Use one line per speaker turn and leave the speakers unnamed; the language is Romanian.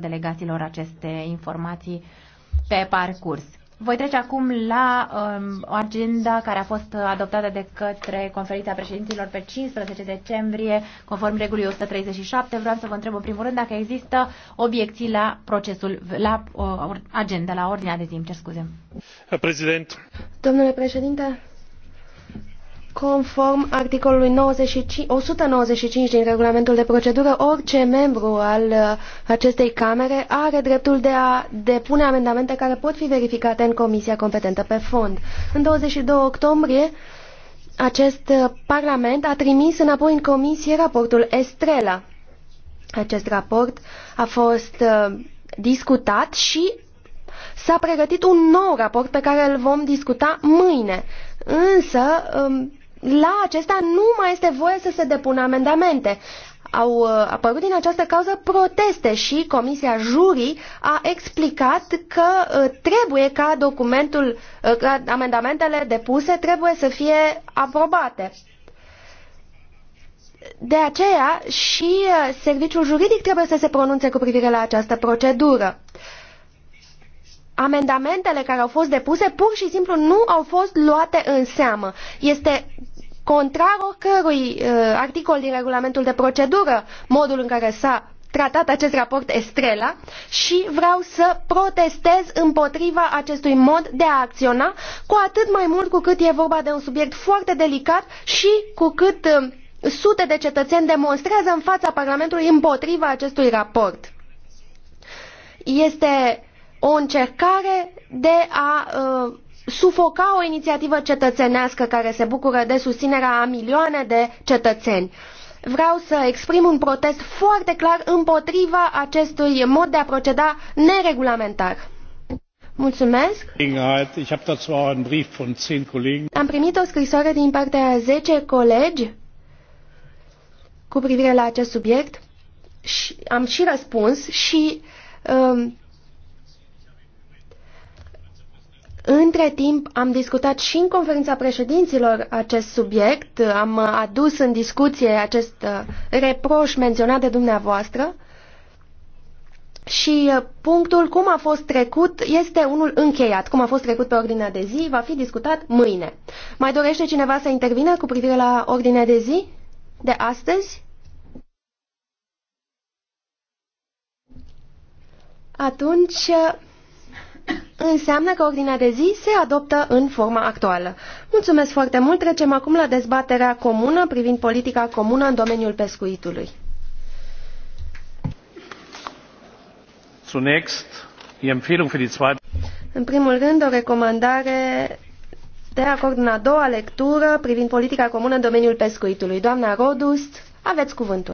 delegaților aceste informații pe parcurs. Voi trece acum la um, agenda care a fost adoptată de către conferința președinților pe 15 decembrie, conform regulii 137. Vreau să vă întreb în primul rând dacă există obiecții la procesul, la uh, agenda, la ordinea de zi, cer scuze. President.
Domnule președinte, Conform articolului 95, 195 din regulamentul de procedură, orice membru al uh, acestei camere are dreptul de a depune amendamente care pot fi verificate în comisia competentă pe fond. În 22 octombrie, acest uh, parlament a trimis înapoi în comisie raportul Estrela. Acest raport a fost uh, discutat și s-a pregătit un nou raport pe care îl vom discuta mâine. Însă, um, la acesta nu mai este voie să se depună amendamente. Au uh, apărut din această cauză proteste și Comisia Jurii a explicat că uh, trebuie ca documentul, uh, ca amendamentele depuse trebuie să fie aprobate. De aceea și serviciul juridic trebuie să se pronunțe cu privire la această procedură. Amendamentele care au fost depuse pur și simplu nu au fost luate în seamă. Este contrar oricărui uh, articol din regulamentul de procedură, modul în care s-a tratat acest raport Estrela și vreau să protestez împotriva acestui mod de a acționa, cu atât mai mult cu cât e vorba de un subiect foarte delicat și cu cât um, sute de cetățeni demonstrează în fața Parlamentului împotriva acestui raport. Este o încercare de a uh, sufoca o inițiativă cetățenească care se bucură de susținerea a milioane de cetățeni. Vreau să exprim un protest foarte clar împotriva acestui mod de a proceda neregulamentar. Mulțumesc. Am primit o scrisoare din partea a 10 colegi cu privire la acest subiect și am și răspuns și um, Între timp, am discutat și în conferința președinților acest subiect, am adus în discuție acest uh, reproș menționat de dumneavoastră și uh, punctul cum a fost trecut este unul încheiat. Cum a fost trecut pe ordinea de zi va fi discutat mâine. Mai dorește cineva să intervină cu privire la ordinea de zi de astăzi? Atunci uh, înseamnă că ordinea de zi se adoptă în forma actuală. Mulțumesc foarte mult. Trecem acum la dezbaterea comună privind politica comună în domeniul pescuitului. Zunächst Empfehlung für die zweite în primul rând, o recomandare de acord în a doua lectură privind politica comună în domeniul pescuitului. Doamna Rodust, aveți cuvântul.